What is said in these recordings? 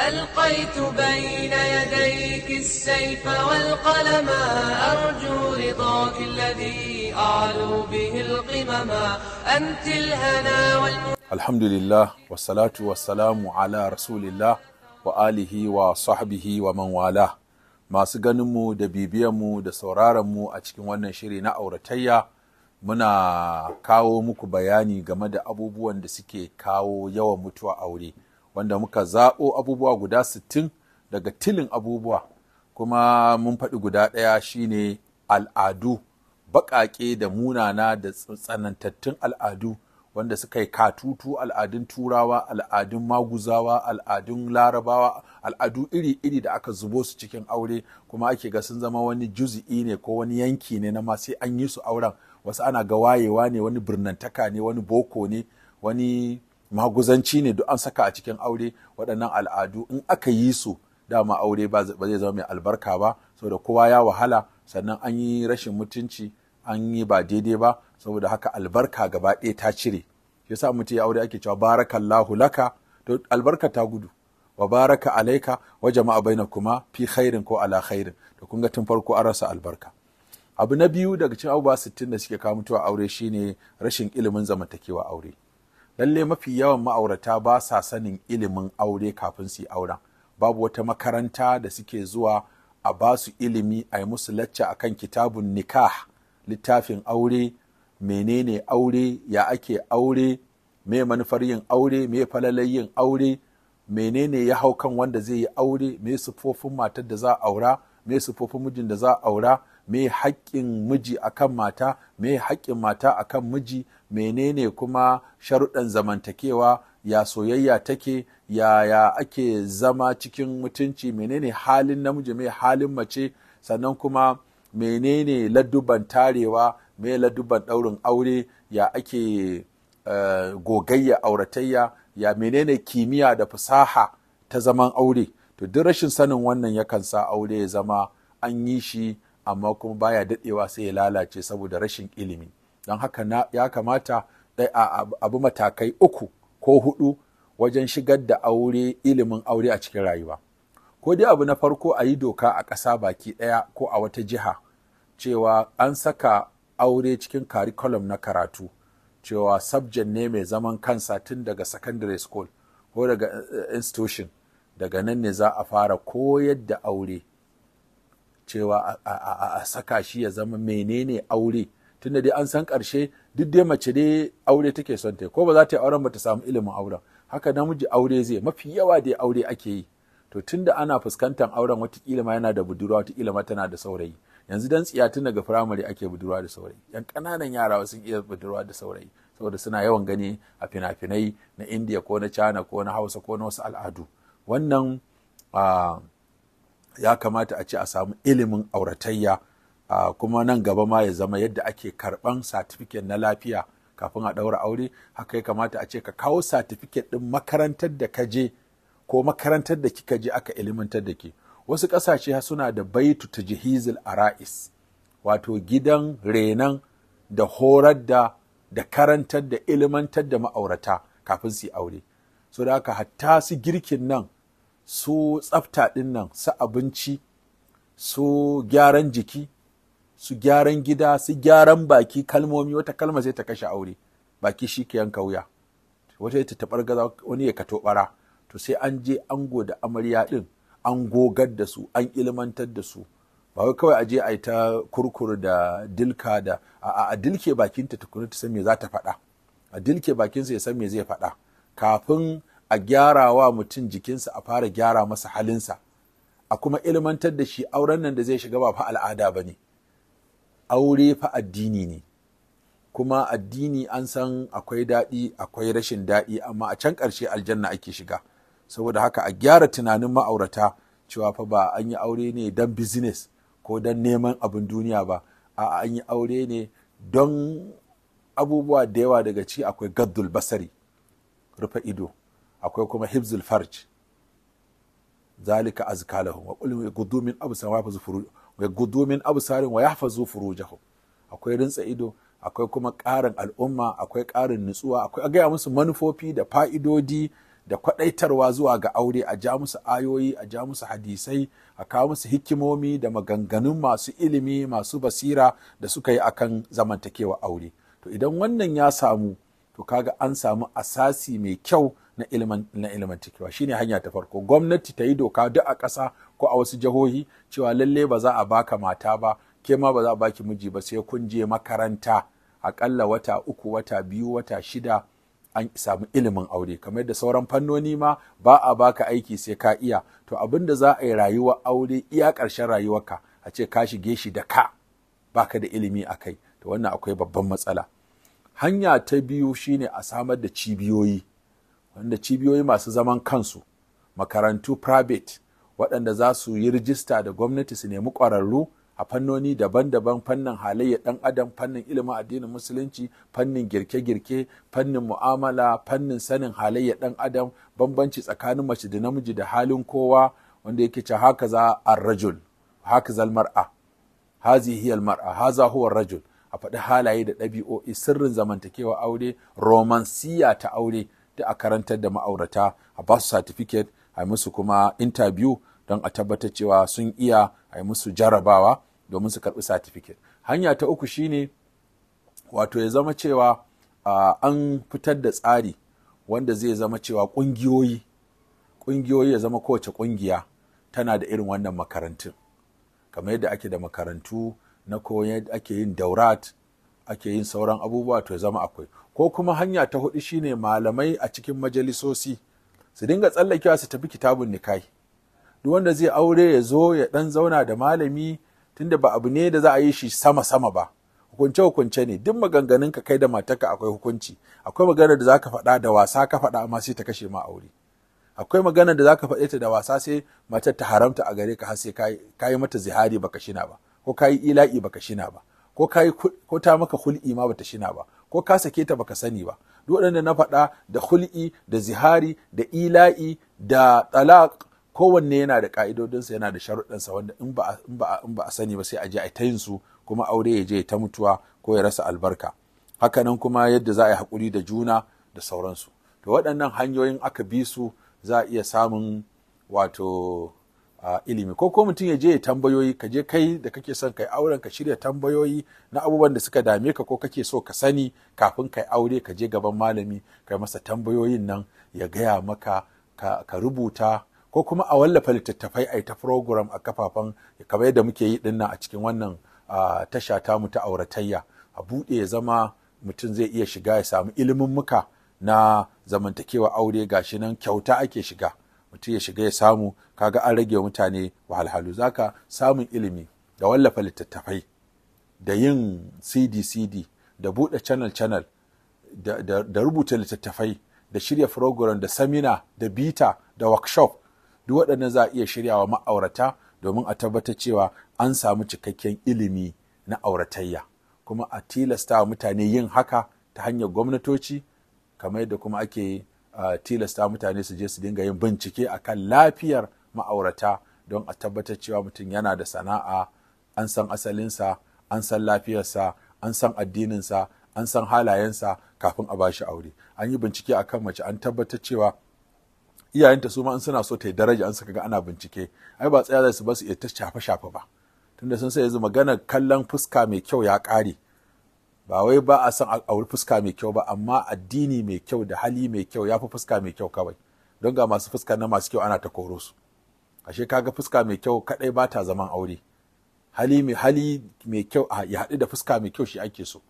ألقيت بين يديك السيف والقلم أرجو رضاك الذي أعلو به القمم أنت الهنا والم... الحمد لله والصلاة والسلام على رسول الله وآله وصحبه ومن والاه masu ganinmu da bibiyanmu da sauraronmu a cikin wannan shiri na auratayya muna kawo muku bayani game da abubuwan da suke kawo yawan mutuwa aure wanda muka zaɓo abubuwa guda sittin daga tilin abubuwa kuma mun faɗi guda ɗaya shine al'adu baƙaƙe da munana da tsanantattun al'adu wanda suka yi katutu al'adun turawa al'adun maguzawa al'adun larabawa al'adu iri-iri da aka zubo su cikin aure kuma ake ga sun zama wani juzi'i ne ko wani yanki ne na ma sai an yi su auren wasu ana ga wayewa ne wani birnantaka ne wani boko ne wani maguzanci ne duk an saka a cikin aure waɗannan al'adu in aka yi su dama aure ba zai zama mai albarka ba saboda kowa ya wahala sannan an yi rashin mutunci an yi ba daidai ba saboda haka albarka gaba ɗaya ta cire yasa mutum ya aure ake cewa barakallahu laka to albarka ta gudu wa baraka alaika wa jama'a baina kuma fi khairin ko ala khairin to kun ga tun farko an rasa albarka abu na biyu daga cikin abubuwa sittin da suke kawo mutuwa aure shine rashin ilimin zamantakewa aure lalle mafi yawan ma'aurata ba sa sanin ilimin aure kafin su yi auren babu wata makaranta da suke zuwa a ba su ilimi a yi musu lacca akan kitabun nikah littafin aure menene aure ya ake aure me manufar yin aure me falalai yin aure menene ya hau kan wanda zai yi aure me sufofin matar da za a aura me sufofin mijin da za a aura me haƙƙin miji akan mata me haƙƙin mata akan miji menene kuma sharuɗan zamantakewa ya soyayya take ya ake zama cikin mutunci menene halin namiji me halin mace sannan kuma menene ladduban tarewa me ladduban ɗaurin aure ya ake uh, gogayya auratayya ya menene kimiyya da fasaha ta zaman aure to duk rashin sanin wannan yakan sa aure ya zama an yi shi amma kuma baya daɗewa sai ya lalace saboda rashin ilimi don haka ya kamata abu matakai uku ko hudu wajen shigar da aure ilimin aure a cikin rayuwa ko dai abu na farko a yi doka a ƙasa baki ɗaya ko a wata jiha cewa an saka aure cikin curriculum na karatu cewa subject ne mai zaman kansa tun daga secondary school ko daga eh, institution daga nan ne za a fara koyar da aure cewa a saka shi ya zama menene aure tunda dai an san karshe duk dai mace dai aure take son ta ko ba za ta yi auren ba ta samu ilimin auren haka namiji aure zai mafi yawa dai aure ake yi to tunda ana fuskantar auren watakila ma yana da budurwa watakila ma tana da saurayi yanzu dan tsiya tun daga firamare ake budurwa da saurayi yan kananan yara sun iya budurwa da saurayi saboda suna yawan gani a fina-finai na indiya ko na china ko na hausa ko na wasu al'adu wannan ah, ya kamata a ce a samu ilimin auratayya uh, kuma nan gaba ma ya zama yadda ake karban satifiket na lafiya kafin a ɗaura aure haka ya kamata a ce ka kawo satifiket ɗin makarantar da ka je ko makarantar da kika je aka ilimantar da ke wasu ƙasashe suna da baitu ta jihizil rais, wato gidan renan da horar da da karantar da ilimantar da ma'aurata kafin su yi aure so da haka hatta su girkin nan su tsafta ɗin nan su abinci su gyaran jiki su gyaran gida su gyaran baki kalmomi wata kalma sai ta kashe aure baki shi ke yanka wuya wata ita ta gaza wani ya kato bara to sai an je ango da amarya ɗin an gogar da su an ilmantar da su ba wai kawai aje a yi ta kurkur da dilka da a, a dilke bakinta tukuna ta san me za ta faɗa a dilke bakinsa ya san me zai faɗa kafin a gyara wa mutum jikinsa a fara gyara masa halinsa a kuma ilmantar da shi auren nan da zai shiga ba fa al'ada ba ne aure fa addini ne kuma addini an san akwai daɗi akwai rashin daɗi amma a can ƙarshe aljanna ake shiga saboda haka a gyara tunanin ma'aurata cewa fa ba an yi aure ne don business ko don neman abin duniya ba a an yi aure ne don abubuwa da yawa daga ci akwai gaddul basari rufe ido akwai kuma hibzul farj zalika azka lahum wa qul yaghuddu min absarihim wa yahfazu furuj gudu min wa yahfazu furujahum akwai rintsa ido akwai kuma ƙarin al'umma akwai ƙarin nutsuwa akwai a gaya musu manufofi da fa'idodi da kwaɗaitarwa zuwa ga aure a ja musu ayoyi a ja musu hadisai a kawo musu hikimomi da maganganun masu ilimi masu basira da suka yi akan zamantakewa aure to idan wannan ya samu to kaga an samu asasi mai kyau na ilimin na shine hanya ta farko gwamnati ta yi doka duk a ƙasa ko a wasu jihohi cewa lalle ba za a baka mata ba ke ma ba za a baki miji ba sai kun je makaranta A aƙalla wata uku wata biyu wata shida an samu ilimin aure kamar da sauran fannoni ma ba a baka aiki sai ka iya to abin da za a yi rayuwa aure iya ƙarshen rayuwarka a ce ka shige shi da ka baka da ilimi a kai to wannan akwai babban matsala hanya ta biyu shine a samar da cibiyoyi wanda cibiyoyi masu zaman kansu makarantu private waɗanda za su yi rijista da gwamnati su nemi ƙwararru a fannoni daban-daban fannin halayya ɗan adam fannin ilimin addinin musulunci fannin girke-girke fannin mu'amala fannin sanin halayya ɗan adam bambanci tsakanin mace da namiji da halin kowa wanda yake ce haka za a rajul haka zalmar'a, hazi mar'a haza huwa rajul a faɗi halaye da ɗabi'o'i sirrin zamantakewa aure romansiya ta aure da a karantar da ma'aurata a ba su certificate a yi musu kuma interview don a tabbatar cewa sun iya a yi musu jarabawa domin su karɓi certificate hanya ta uku shine wato ya zama cewa an fitar da tsari wanda zai zama cewa ƙungiyoyi ƙungiyoyi ya zama kowace ƙungiya tana da irin wannan makarantun kamar yadda ake da makarantu na koyon ake yin daurat ake yin sauran abubuwa to ya zama akwai ko kuma hanya ta hudu shine malamai a cikin majalisosi su dinga tsallakewa su tafi kitabun nikai duk wanda zai aure ya zo ya dan zauna da malami tunda ba abu ne da za a yi shi sama sama ba hukunce hukunce ne duk maganganun ka kai da matarka akwai hukunci akwai magana da zaka faɗa da wasa ka faɗa amma sai ta kashe ma aure akwai magana da zaka faɗe ta da wasa sai matar ta haramta a gare ka har sai ka yi mata zihari baka shina ba ko ka yi ila'i baka shina ba ko ka yi ko ta maka hul'i ma bata shina ba ko ka sake ta baka sani ba duk waɗanda na faɗa da hul'i da zihari da ila'i da talaq kowanne yana da ƙa'idodinsa yana da sharuɗansa wanda in ba in a sani ba sai a je a ta yin su kuma aure ya je ta mutuwa ko ya rasa albarka hakanan kuma yadda za a yi haƙuri da juna da sauransu to waɗannan hanyoyin aka bi su za a iya samun wato a ilimi ko ko mutum ya je ya tambayoyi ka je kai da kake son kai auren ka shirya tambayoyi na abubuwan da suka dame ka ko kake so ka sani kafin kai aure ka je gaban malami kai masa tambayoyin nan ya gaya maka ka, ka rubuta ko kuma a wallafa littattafai a ta program a kafafen kamar yadda muke yi dinnan a cikin wannan tasha ta mu ta auratayya a buɗe ya zama mutum zai iya shiga ya samu ilimin muka na zamantakewa aure gashi nan kyauta ake shiga mutum ya shiga ya samu kaga an rage mutane wahalhalu zaka samun ilimi da wallafa littattafai da yin cd cd da buɗe channel channel da, rubuta littattafai da shirya program da samina da bita da workshop duk waɗannan za a iya shiryawa ma'aurata domin a tabbatar cewa an samu cikakken ilimi na auratayya kuma a tilasta mutane yin haka ta hanyar gwamnatoci kamar yadda kuma ake tilasta mutane su je su dinga yin bincike akan lafiyar ma'aurata don a tabbatar cewa mutum yana da sana'a an san asalinsa an san lafiyarsa an san addininsa an san halayensa kafin a ba shi aure an yi bincike akan mace an tabbatar cewa iyayenta su ma an suna so ta yi daraja an suka ga ana bincike ai ba tsaya su ba su iya ta shafe shafe ba tunda sun sai yanzu magana kallon fuska mai kyau ya ƙare ba wai ba a san a wuri fuska mai kyau ba amma addini mai kyau da hali mai kyau ya fi fuska mai kyau kawai don ga masu fuska na masu kyau ana ta koro su ashe ka ga fuska mai kyau kadai ba ta zaman aure hali mai hali mai kyau ya haɗu da fuska mai kyau shi ake so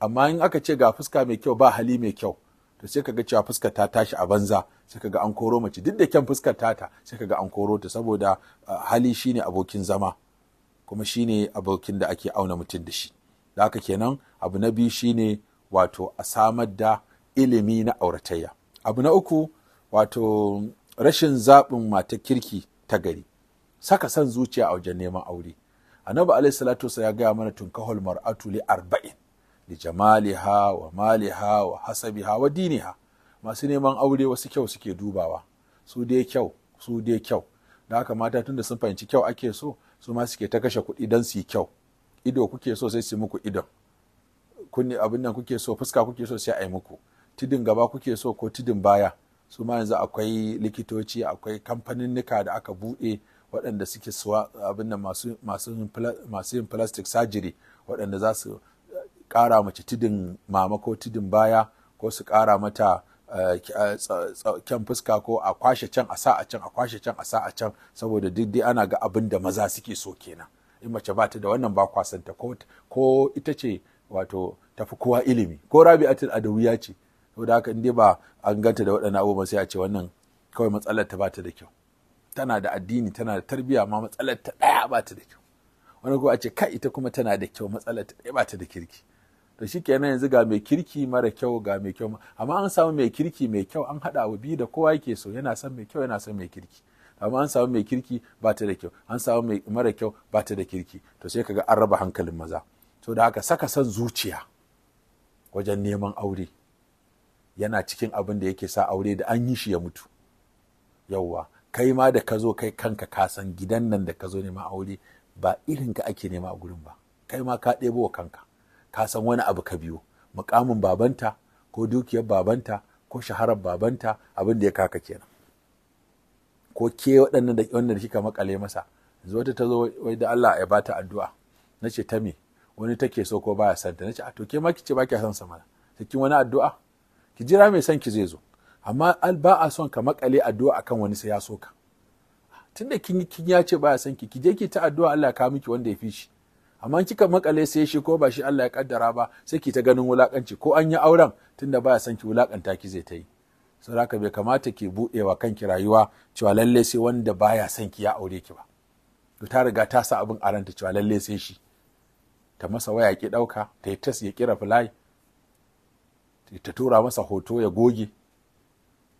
amma in aka ce ga fuska mai kyau ba hali mai kyau to sai ga cewa fuskar ta tashi a banza sai kaga an koro mace duk da kyan fuskar ta sai kaga an koro ta saboda hali shine abokin zama kuma shine abokin da ake auna mutum da shi da haka kenan abu na biyu shine wato a samar da ilimi na auratayya abu na uku wato rashin zaɓin matar kirki ta gari saka son zuciya a wajen neman aure annabi alaihi salatu ya gaya mana tunkahul mar'atu li arba'in li jamaliha wa maliha wa hasabiha wa diniha masu neman aure wasu kyau suke dubawa su dai kyau su dai kyau da haka mata tunda sun fahimci kyau ake so su ma suke ta kashe kuɗi don su yi kyau ido kuke so sai su muku idon kunni abin nan kuke so fuska kuke so sai a yi muku tidin gaba kuke so ko tidin baya su ma yanzu akwai likitoci akwai kamfanin nika da aka buɗe waɗanda suke suwa abin nan masu yin plastic surgery waɗanda za su eh, ƙara mace tidin mama ko tidin baya ko su ƙara mata eh, eh, kyan fuska ko a kwashe can a sa a can a kwashe can a sa a can saboda duk dai ana ga abin da maza suke so kenan in mace ba ta da wannan ba kwasanta ko ita ce wato tafi kowa ilimi ko rabi'atul adawiya ce saboda haka in dai ba an ganta da waɗannan abubuwan sai a ce wannan kawai matsalar ta bata da kyau tana da addini tana da tarbiyya ma matsalar ta ɗaya bata da kyau wani ko a ce kai ita kuma tana da kyau matsalar ta ɗaya bata da kirki to shikenan yanzu ga mai kirki mara kyau ga mai kyau amma an samu mai kirki mai kyau an haɗa wa biyu da kowa yake so yana son mai kyau yana son mai kirki amma an samu mai kirki ba ta da kyau an samu mai mara kyau ba ta da kirki to sai kaga an raba hankalin maza to da haka saka son zuciya wajen neman aure yana cikin abin da yake sa aure da an yi shi ya mutu yauwa kai ma da ka zo kai kanka ka san gidan nan da ka zo neman aure ba irin ka ake nema a gurin ba kai ma ka ɗebo wa kanka ka san wani abu ka biyo mukamin babanta ko dukiyar babanta ko shaharar babanta abin da ya kaka kenan ko ke waɗannan da wannan da kika makale masa yanzu wata ta zo wai da Allah ya bata addu'a na ce ta me wani take so ko baya santa na ce a to ke ma kice ba kiya son sa mana kin wani addu'a ki jira mai son ki zai zo amma al ba a son ka makale addu'a akan wani sai ya so ka tunda kin kin ya ce baya son ki ki je ki ta addu'a Allah ya kawo miki wanda ya fi shi amma kika makale sai shi ko ba shi Allah ya kaddara ba sai ki ta ganin wulakanci ko an yi auren tunda baya son ki wulakanta ki zai ta yi saraka bai kamata ki buɗewa kanki rayuwa cewa lalle sai wanda baya son ki ya aure ki ba to ta riga ta sa abin a ranta cewa lalle sai shi ta masa waya ki ɗauka ta yi tas ya kira fly ta tura masa hoto ya goge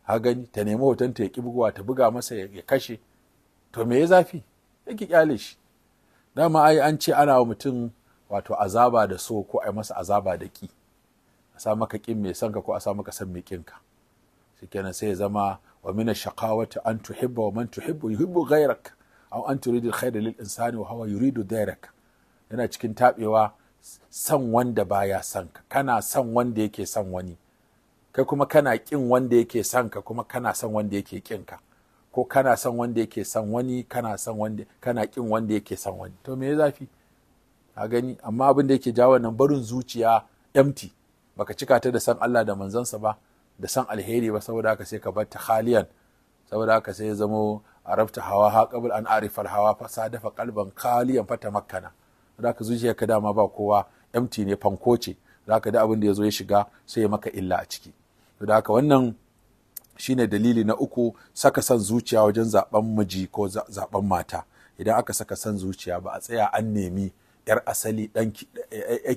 ha gani ta nemi hoton ta ya ki bugawa ta buga masa ya kashe to me ya zafi ya ki kyale shi dama ai an ce ana wa mutum wato azaba da so ko ai masa azaba da ki a sa maka kin mai sanka ko a sa maka san mai kinka shikenan sai ya zama wa mina shaqawati an tuhibba wa man tuhibbu yuhibbu ghayrak aw an turidu alkhayra lil insani wa huwa yuridu dairak yana cikin tabewa san wanda baya san ka kana san wanda yake san wani kai kuma kana kin wanda yake san ka kuma kana san wanda yake kin ka ko kana san wanda yake san wani kana san wanda kana kin wanda yake san wani to me ya zafi a gani amma abin da yake jawo nan barin zuciya empty baka cika ta da san Allah da manzansa ba da san alheri ba saboda haka sai ka bar ta khaliyan saboda haka sai ya zamo rabta hawa ha kabul an hawa fa sadafa kalban khaliyan fata makkana da ka zuciya ka dama ba kowa empty ne fanko ce da ka da abin da ya zo ya shiga sai ya maka illa a ciki to da haka wannan shine dalili na uku saka san zuciya wajen zaben miji ko zaben mata idan aka saka san zuciya ba a tsaya an nemi yar asali dan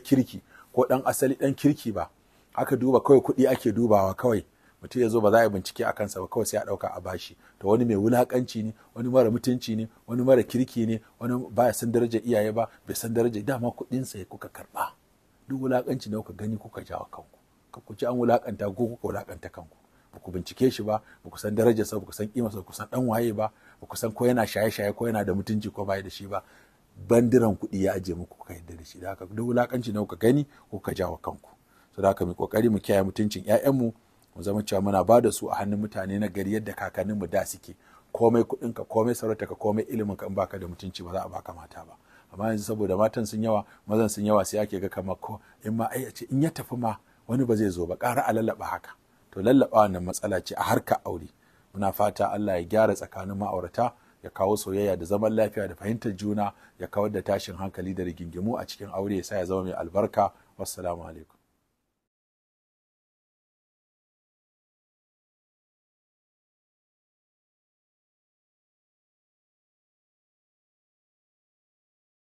kirki ko dan asali dan kirki ba aka duba kawai kuɗi ake dubawa kawai mutum ya zo ba za a yi bincike a kansa ba kawai sai a ɗauka a bashi to wani mai wulaƙanci ne wani mara mutunci ne wani mara kirki ne wani ba ya san daraja iyaye ba bai san daraja dama kuɗinsa ya kuka karɓa duk wulaƙanci ne kuka gani kuka jawa kanku ku ci an wulaƙanta ko kuka wulaƙanta kanku ba ku bincike shi ba ba ku san darajarsa ba ku san ƙimarsa ba ku san ɗan waye ba ba ku san ko yana shaye-shaye ko yana da mutunci ko bai da shi ba bandiran kuɗi ya ajiye muku kuka yadda da shi da haka duk wulaƙanci ne kuka gani kuka jawa kanku saboda haka mu kokari mu kiyaye mutuncin ƴaƴanmu mu zama cewa muna ba da su a hannun mutane na gari yadda mu da suke komai kuɗin ka komai ka komai ilimin ka in baka da mutunci ba za a baka mata ba amma yanzu saboda matan sun yawa mazan sun yawa sai ake ga kamar ko in ma ai ce in ya tafi ma wani ba zai zo ba ƙara a lallaba haka to lallaba wannan matsala ce a harka aure muna fata Allah ya gyara tsakanin ma'aurata ya kawo soyayya da zaman lafiya da fahimtar juna ya kawar da tashin hankali da rigingimu a cikin aure ya sa ya zama mai albarka wassalamu alaikum